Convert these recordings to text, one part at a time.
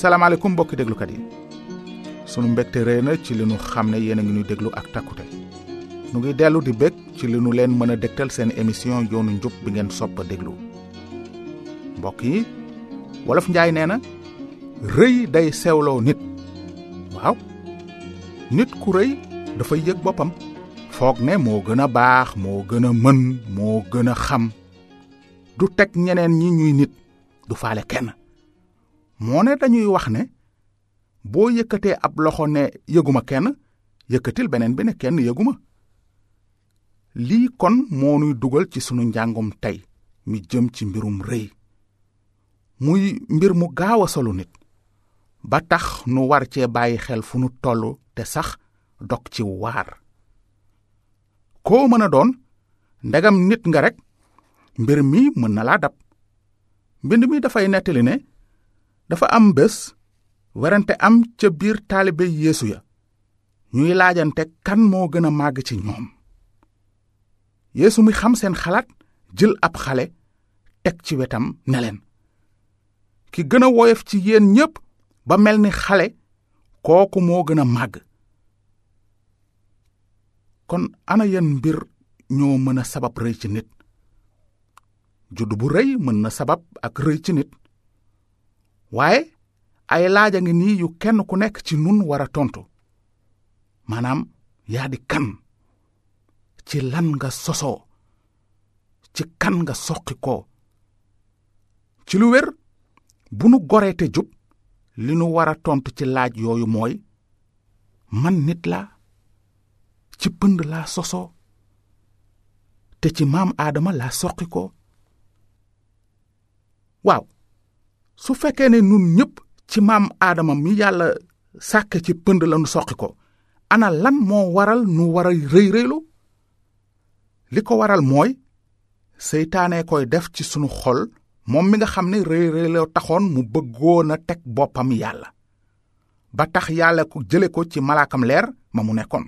salaamaaleykum mbokki déglukat yi sunu mbégte rëy na ci li nu xam ne yéen a ngi ñuy déglu ak takkute nu ngi dellu di bég ci li nu leen mën a dégtal seen émission yoonu njub bi ngeen sopp a déglu mbokk yi wolof njaay nee na rëy day sewloo nit waaw nit ku rëy dafay yëg boppam foog ne moo gën a baax moo gën a mën moo gën a xam du teg ñeneen ñi ñuy nit du faale kenn moo ne dañuy wax ne boo yëkkatee ab loxo ne yëguma kenn yëkkatil beneen bi ne kenn yëguma lii kon moo nuy dugal ci sunu njàngum tey mi jëm ci mbirum rëy muy mbir mu gaaw a solu nit ba tax nu war cee bàyyi xel fu nu toll te sax dog ci waar koo mën a doon ndegam nit nga rekk mbir mi mën na laa dab mbind mi dafay nettali ne dafa am bés werante am ca biir taalibe yéesu ya ñuy laajante kan moo gën a màgg ci ñoom yeesu mi xam seen xalaat jël ab xale teg ci wetam ne ki gën a woyof ci yéen ñépp ba mel ni xale kooku moo gën a màgg kon ana yan mbir ñoo mën a sabab rëy ci nit juddu bu rëy mën na sabab ak rëy ci nit waaye ay laaj a ngi nii yu kenn ku nekk ci nun war a tontu maanaam yaa di kan ci lan nga sosoo ci kan nga soqi ko ci lu wér bu nu goree te jub li nu war a tontu ci laaj yooyu mooy man nit la ci pënd laa sosoo te ci maam aadama laa soqi ko waaw su fekkee ne nun ñépp ci maam aadama mi yàlla sàkke ci pënd la soqi ko ana lan moo waral nu war a rëy rëylu li ko waral mooy seytaane koy def ci sunu xol moom mi nga xam ne rëy rëyloo taxoon mu bëggoon a teg boppam yàlla ba tax yàlla ko jële ko ci malaakam leer ma mu nekkoon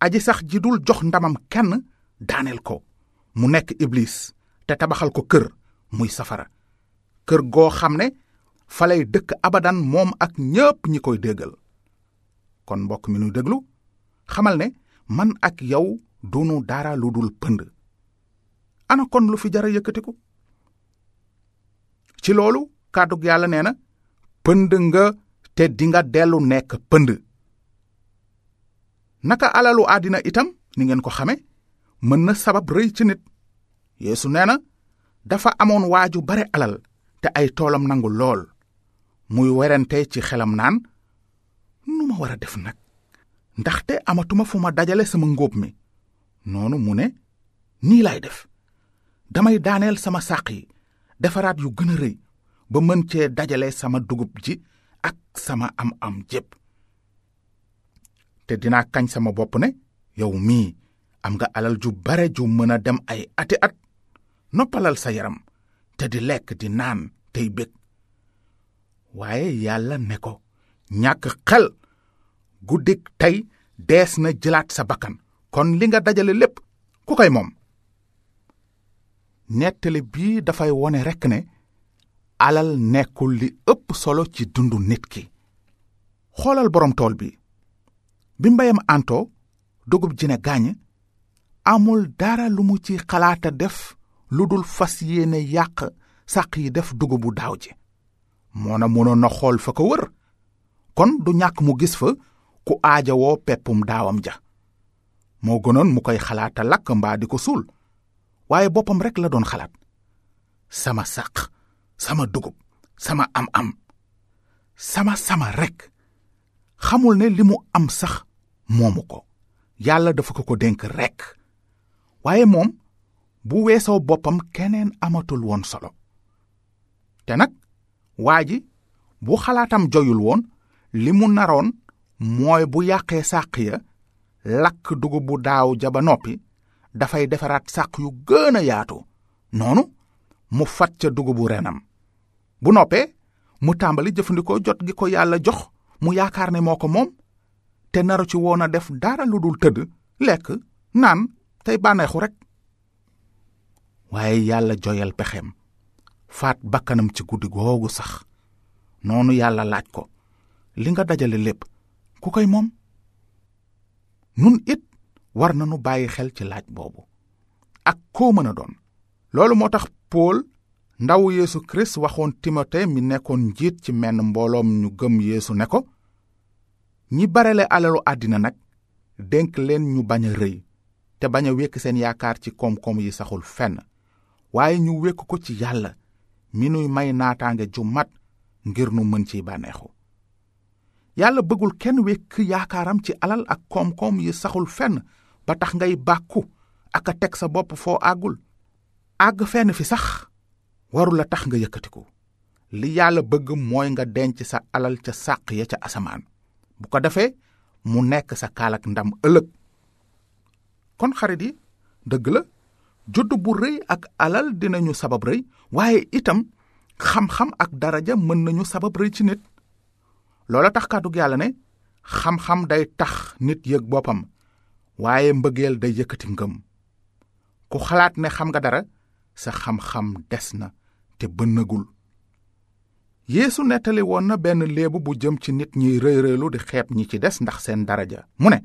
aji sax ji dul jox ndamam kenn daaneel ko mu nekk iblis te tabaxal ko kër muy safara kër goo xam ne falay dëkk abadan moom ak ñépp ñi koy déggal kon mbokk mi nu déglu xamal ne man ak yow dunu dara lu dul pënd ana kon lu fi jara yëkkatiku ci loolu kàddug yàlla nee na pënd nga te dinga dellu nekk pënd naka alalu àddina itam ni ngeen ko xame mën na sabab rëy ci nit yeesu nee na dafa amoon waaju bare alal te ay toolam nangu lool muy werante ci xelam naan nu ma war a def nag ndaxte amatuma fu ma dajale sama ngóob mi noonu mu ne nii laay def damay daaneel sama sàq yi defaraat yu gën a rëy ba mën cee dajale sama dugub ji ak sama am-am jépp te dinaa kañ sama bopp ne yow mii am nga alal ju bare ju mën a dem ay ati at noppalal sa yaram di lekk di naan tey waaye yàlla ne ko ñàkk xel guddik tey dees na jëlaat sa bakkan kon li nga dajale lépp ku koy moom nettali bii dafay wone rekk ne alal nekkul li ëpp solo ci dundu nit ki xoolal boroom tool bi bi mbayam anto dugub ji ne gaañ amul dara lu mu ci xalaata def lu dul fas yéene yàq sàq yi def dugubu daaw ji moona mënoon na xool fa ko wër kon du ñàkk mu gis fa ku aaja aajawoo peppum daawam ja moo gënoon mu koy xalaata lakk mbaa di ko suul waaye boppam rekk la doon xalaat sama sàq sama dugub sama am-am sama sama rekk xamul ne li mu am sax moomu ko yàlla dafa ko ko dénk rekk waaye moom bu weesoo boppam keneen amatul woon solo te nag waa ji bu xalaatam joyul woon li mu naroon mooy bu yàqee sàq ya lakk dugub bu daaw ja ba noppi dafay defaraat sàq yu gën a yaatu noonu mu fat ca dugubu renam bu noppee mu tàmbali jëfandikoo jot gi ko yàlla jox mu yaakaar ne moo ko moom te naru ci woon a def dara lu dul tëdd lekk naan tey bànneexu rekk waaye yàlla joyal pexeem faat bakkanam ci guddi googu sax noonu yàlla laaj ko li nga dajale lépp ku koy moom nun it war nanu bàyyi xel ci laaj boobu ak koo mën a doon loolu moo tax pool ndaw yéesu kirist waxoon timote mi nekkoon njiit ci menn mbooloom ñu gëm yéesu ne ko ñi barele alalu àddina nag dénk leen ñu bañ a rëy te bañ a wékk seen yaakaar ci koom-koom yi saxul fenn waaye ñu wekk ko ci yàlla mi nuy may naataange ju mat ngir nu mën ciy bànneexu yàlla bëggul kenn wekk yaakaaram ci alal ak koom-koom yi saxul fenn ba tax ngay bàkku ak a teg sa bopp foo àggul àgg fenn fi sax warul la tax nga yëkkatiku li yàlla bëgg mooy nga denc sa alal ca sàq ya ca asamaan bu ko defee mu nekk sa kaalak ndam ëllëg kon xarit dëgg la juddu bu rëy ak alal dinañu sabab rëy waaye itam xam-xam ak daraja mën nañu sabab rëy ci nit loola tax kàddug yàlla ne xam-xam day tax nit yëg boppam waaye mbëggeel day yëkkati ngëm ku xalaat ne xam nga dara sa xam-xam des na te bënnagul yéesu nettali woon na benn léebu bu jëm ci nit ñiy rëy-rëylu di xeeb ñi ci des ndax seen daraja mu ne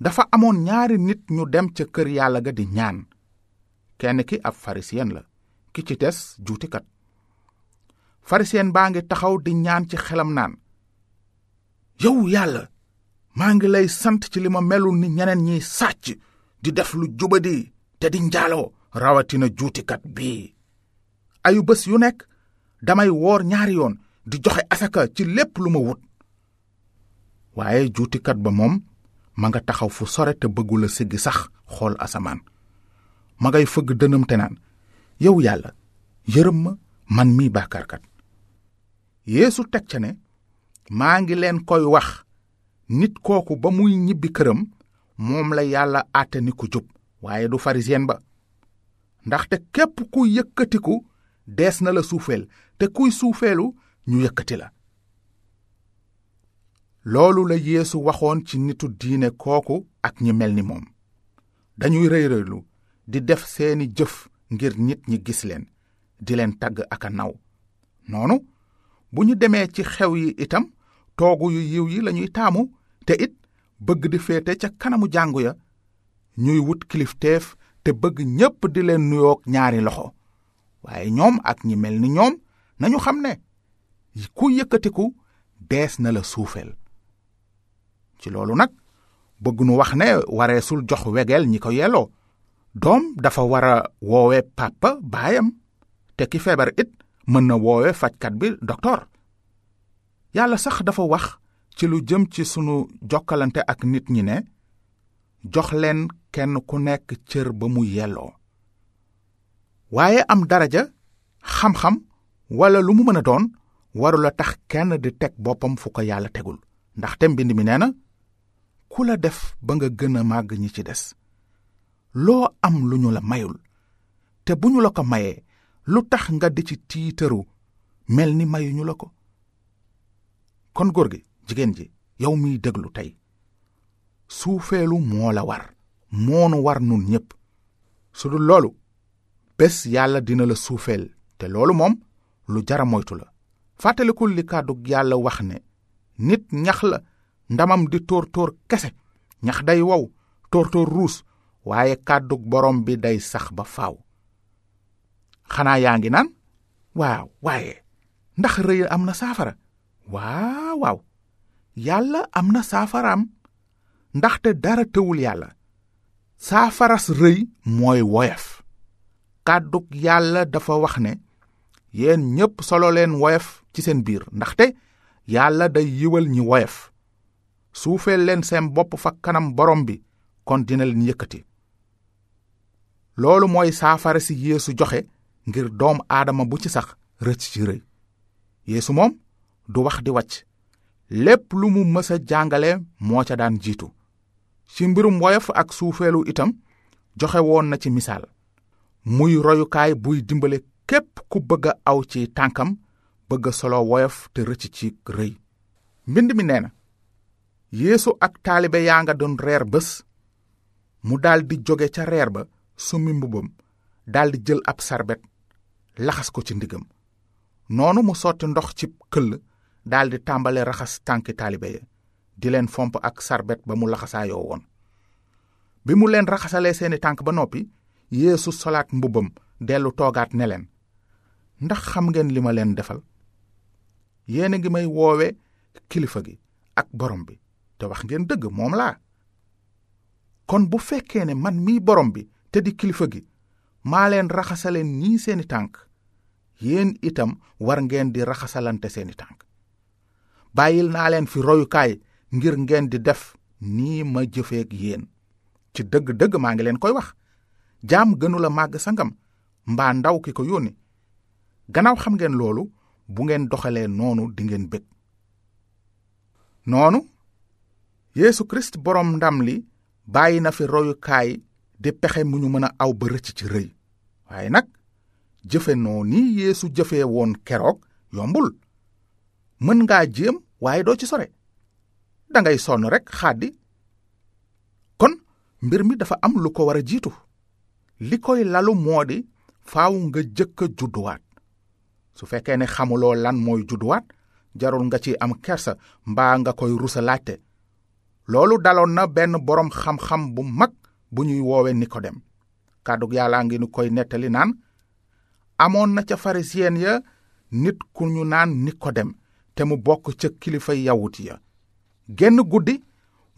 dafa amoon ñaari nit ñu dem ca kër yàlla ga di ñaan kenn ki ab farisiyen la ki ci des juutikat farisiyen baa ngi taxaw di ñaan ci xelam naan yow yàlla maa ngi lay sant ci li ma melul ni ñeneen ñiy sàcc di def lu jubadi te di njaaloo rawatina juutikat bii ayu bés yu nekk damay woor ñaari yoon di joxe asaka ci lépp lu ma wut waaye juutikat ba moom ma nga taxaw fu sore te a siggi sax xool asamaan ma ngay fëgg dënam naan yow yàlla yërëm ma man mii bàkkaarkat yéesu teg ca ne maa ngi leen koy wax nit kooku ba muy ñibbi këram moom la yàlla àtte ni ku jub waaye du farisiyen ba ndaxte képp ku yëkkatiku dees na la suufeel te kuy suufeelu ñu yëkkati la loolu la yeesu waxoon ci nitu diine kooku ak ñi mel ni moom dañuy rëy di def seeni jëf ngir nit ñi gis leen di leen tagg ak a naw noonu bu ñu demee ci xew yi itam toogu yu yiw yi lañuy taamu te it bëgg di féete ca kanamu jàngu ya ñuy wut kilifteef te bëgg ñépp di leen nuyoog ñaari loxo waaye ñoom ak ñi mel ni ñoom nañu xam ne ku yëkkatiku dees na la suufeel ci loolu nag bëgg wax ne wareesul jox wegeel ñi ko yelloo doom dafa war a woowe pàppa baayam te ki feebar it mën na woowe fajkat bi doktoor yàlla sax dafa wax ci lu jëm ci sunu jokkalante ak nit ñi ne jox leen kenn ku nekk cër ba mu yelloo waaye am daraja xam-xam walla lu mu mën a doon warula tax kenn di teg boppam fu ko yàlla tegul ndaxte mbind mi nee na ku la def ba nga gën a màgg ñi ci des loo am lu ñu la mayul te bu ñu la ko mayee lu tax nga di ci tiitaru mel ni mayuñu la ko kon góor gi jigéen ji yow miy déglu tey suufeelu moo la war moonu war nun ñépp su dul loolu bés yàlla dina la suufeel te loolu moom lu jara moytu la fàttalikul li yàlla wax ne nit ñax la ndamam di tóor tóor kese ñax day wow tóor tóor ruus waaye kàddug borom bi day sax ba faw xanaa yaa ngi naan waaw waaye ndax rëy am na saafara waaw waaw yàlla am na saafaraam ndaxte dara tëwul yàlla saafaras rëy mooy woyaf kàddug yàlla dafa wax ne yéen ñépp solo leen woyaf ci seen biir ndaxte yàlla day yiwal ñi woyaf suufeel leen seen bopp fa kanam borom bi kon dina leen yëkkati loolu mooy saafara si yéesu joxe ngir doom aadama bu ci sax rëcc ci rëy yeesu moom du wax di wàcc lépp lu mu mës jàngale moo ca daan jiitu ci mbirum woyof ak suufeelu itam joxe woon na ci misaal muy royukaay buy dimbale képp ku bëgg a aw ci tànkam bëgg solo woyof te rëcc ci rëy mbind mi nee na yéesu ak taalibe yaa nga doon reer bés mu daldi jóge ca reer ba summi mbubbam daldi jël ab sarbet laxas ko ci ndiggam noonu mu sotti ndox ci këll daldi tàmbale raxas tànki taalibe ya di leen fomp ak sarbet ba mu laxasaayoo woon bi mu leen raxasalee seeni tànk ba noppi yéesu solaat mbubbam dellu toogaat ne leen ndax xam ngeen li ma leen defal yéen a ngi may woowe kilifa gi ak borom bi te wax ngeen dëgg moom laa kon bu fekkee ne man mii borom bi te di kilifa gi maa leen raxasaleen nii seeni tànk yéen itam war ngeen di raxasalante seeni tànk bàyyil naa leen fi royukaay ngir ngeen di def nii ma jëfeek yéen ci dëgg-dëgg maa ngi leen koy wax jaam gënula màgg sangam mbaa ndaw ki ko yónni gannaaw xam ngeen loolu bu ngeen doxalee noonu dingeen bég noonu yéesu Kirist boroom ndam li bàyyi na fi royukaay di pexe mu ñu mën a aw ba rëcc ci rëy waaye nag jëfe noo nii yéesu jëfe woon keroog yombul mën ngaa jéem waaye doo ci sore dangay sonn rekk xaddi kon mbir mi dafa am lu ko war a jiitu li koy lalu moo di faw nga jëkk a judduwaat su fekkee ne xamuloo lan mooy judduwaat jarul nga ci am kersa mbaa nga koy rusa laajte loolu daloon na benn boroom xam-xam bu mag bu ñuy woowe Nikodem kàddug yàllaa ngi nu koy nettali naan amoon na ca farisiyen ya nit ku ñu naan Nikodem te mu bokk ca kilifa yawut ya genn guddi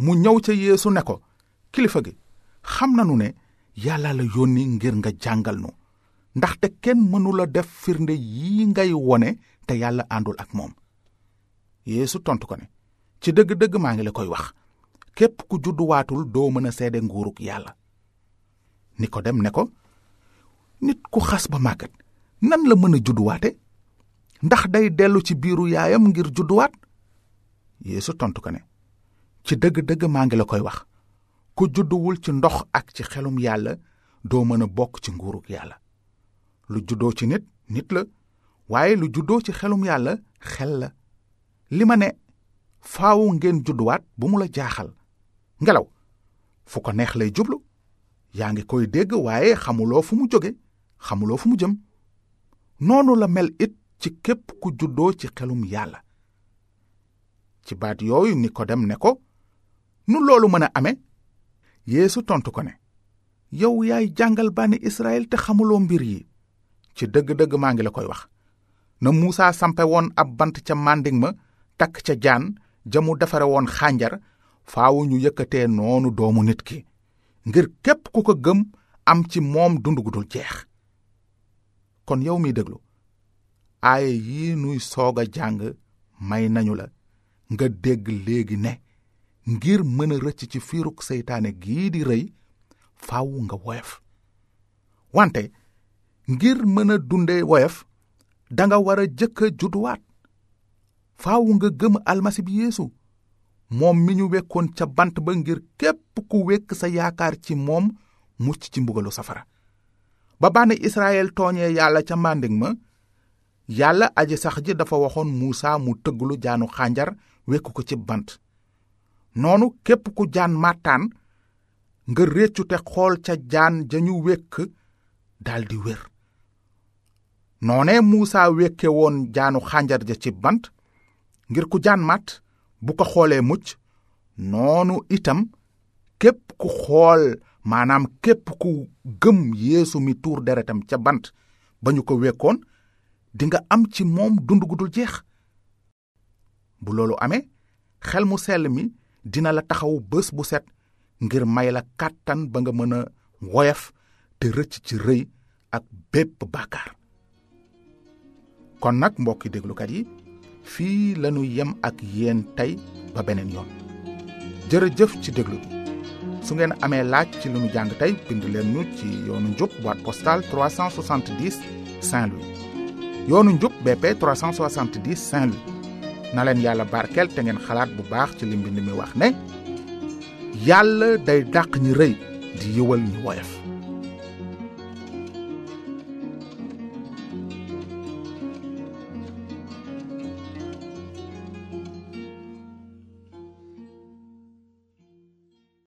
mu ñëw ca yéesu ne ko kilifa gi xam nanu ne yàlla la yónni ngir nga jàngal nu ndaxte kenn mënula def firnde yi ngay wone te yàlla àndul ak moom yéesu tontu ko ne ci dëgg-dëgg maa ngi la koy wax képp ku judduwaatul doo mën a seede nguurug yàlla ni ko dem ne ko nit ku xas ba màggat nan la mën a judduwaate ndax day dellu ci biiru yaayam ngir judduwaat yéesu tontu ko ne ci dëgg-dëgg maa ngi la koy wax ku judduwul ci ndox ak ci xelum yàlla doo mën a bokk ci nguurug yàlla lu juddoo ci nit nit la waaye lu juddoo ci xelum yàlla xel la li ma ne faw ngeen judduwaat bu mu la jaaxal ngelaw fu ko neex lay jublu yaa ngi koy dégg waaye xamuloo fu mu jóge xamuloo fu mu jëm noonu la mel it ci képp ku juddoo ci xelum yàlla ci baat yooyu ni ko dem ne ko nu loolu mën a ame yéesu tontu ko ne yow yaay jàngal bànni Israyil te xamuloo mbir yi ci dëgg-dëgg maa ngi la koy wax na Muusaa sampe woon ab bant ca màndiŋ ma takk ca jaan ja mu defare woon xànjar faaw ñu yëkkatee noonu doomu nit ki ngir képp ku ko gëm am ci moom dund gu dul jeex kon yow miy déglu aaye yi nuy soog a jàng may nañu la nga dégg léegi ne ngir mën a rëcc ci fiirug seytaane gii di rëy faw nga woyof wante ngir mën a dunde woyof danga war a jëkk a judduwaat faw nga gëm almasi bi yeesu moom mi ñu wékkoon ca bant ba ngir képp ku wékk sa yaakaar ci moom mucc ci mbugalu safara ba bànni Israyel tooñee yàlla ca màndig ma yàlla aji sax ji dafa waxoon Muusaa mu tëgglu jaanu xànjar wékk ko ci bant noonu képp ku jaan màttaan nga réccu te xool ca jaan ja ñu wékk daldi wér noone Muusaa wekke woon jaanu xànjar ja ci bant ngir ku jaan matt bu ko xoolee mucc noonu itam képp ku xool maanaam képp ku gëm yéesu mi tuur deretam ca bant ba ñu ko wekkoon dinga am ci moom dund gu dul jeex bu loolu amee xel mu sell mi dina la taxaw bés bu set ngir may la kàttan ba nga mën a woyof te rëcc ci rëy ak bépp bàkkaar kon nag mbokki déglukat yi fii lanu yem ak yéen tey ba beneen yoon jërëjëf ci déglu bi su ngeen amee laaj ci lu nu jàng tey bind leen nu ci yoonu njub boîte postale 370 Saint-Louis yoonu njub BP 370 Saint-Louis na leen yàlla barkeel te ngeen xalaat bu baax ci li mbind mi wax ne yàlla day dàq ñi rëy di yiwal ñu woyof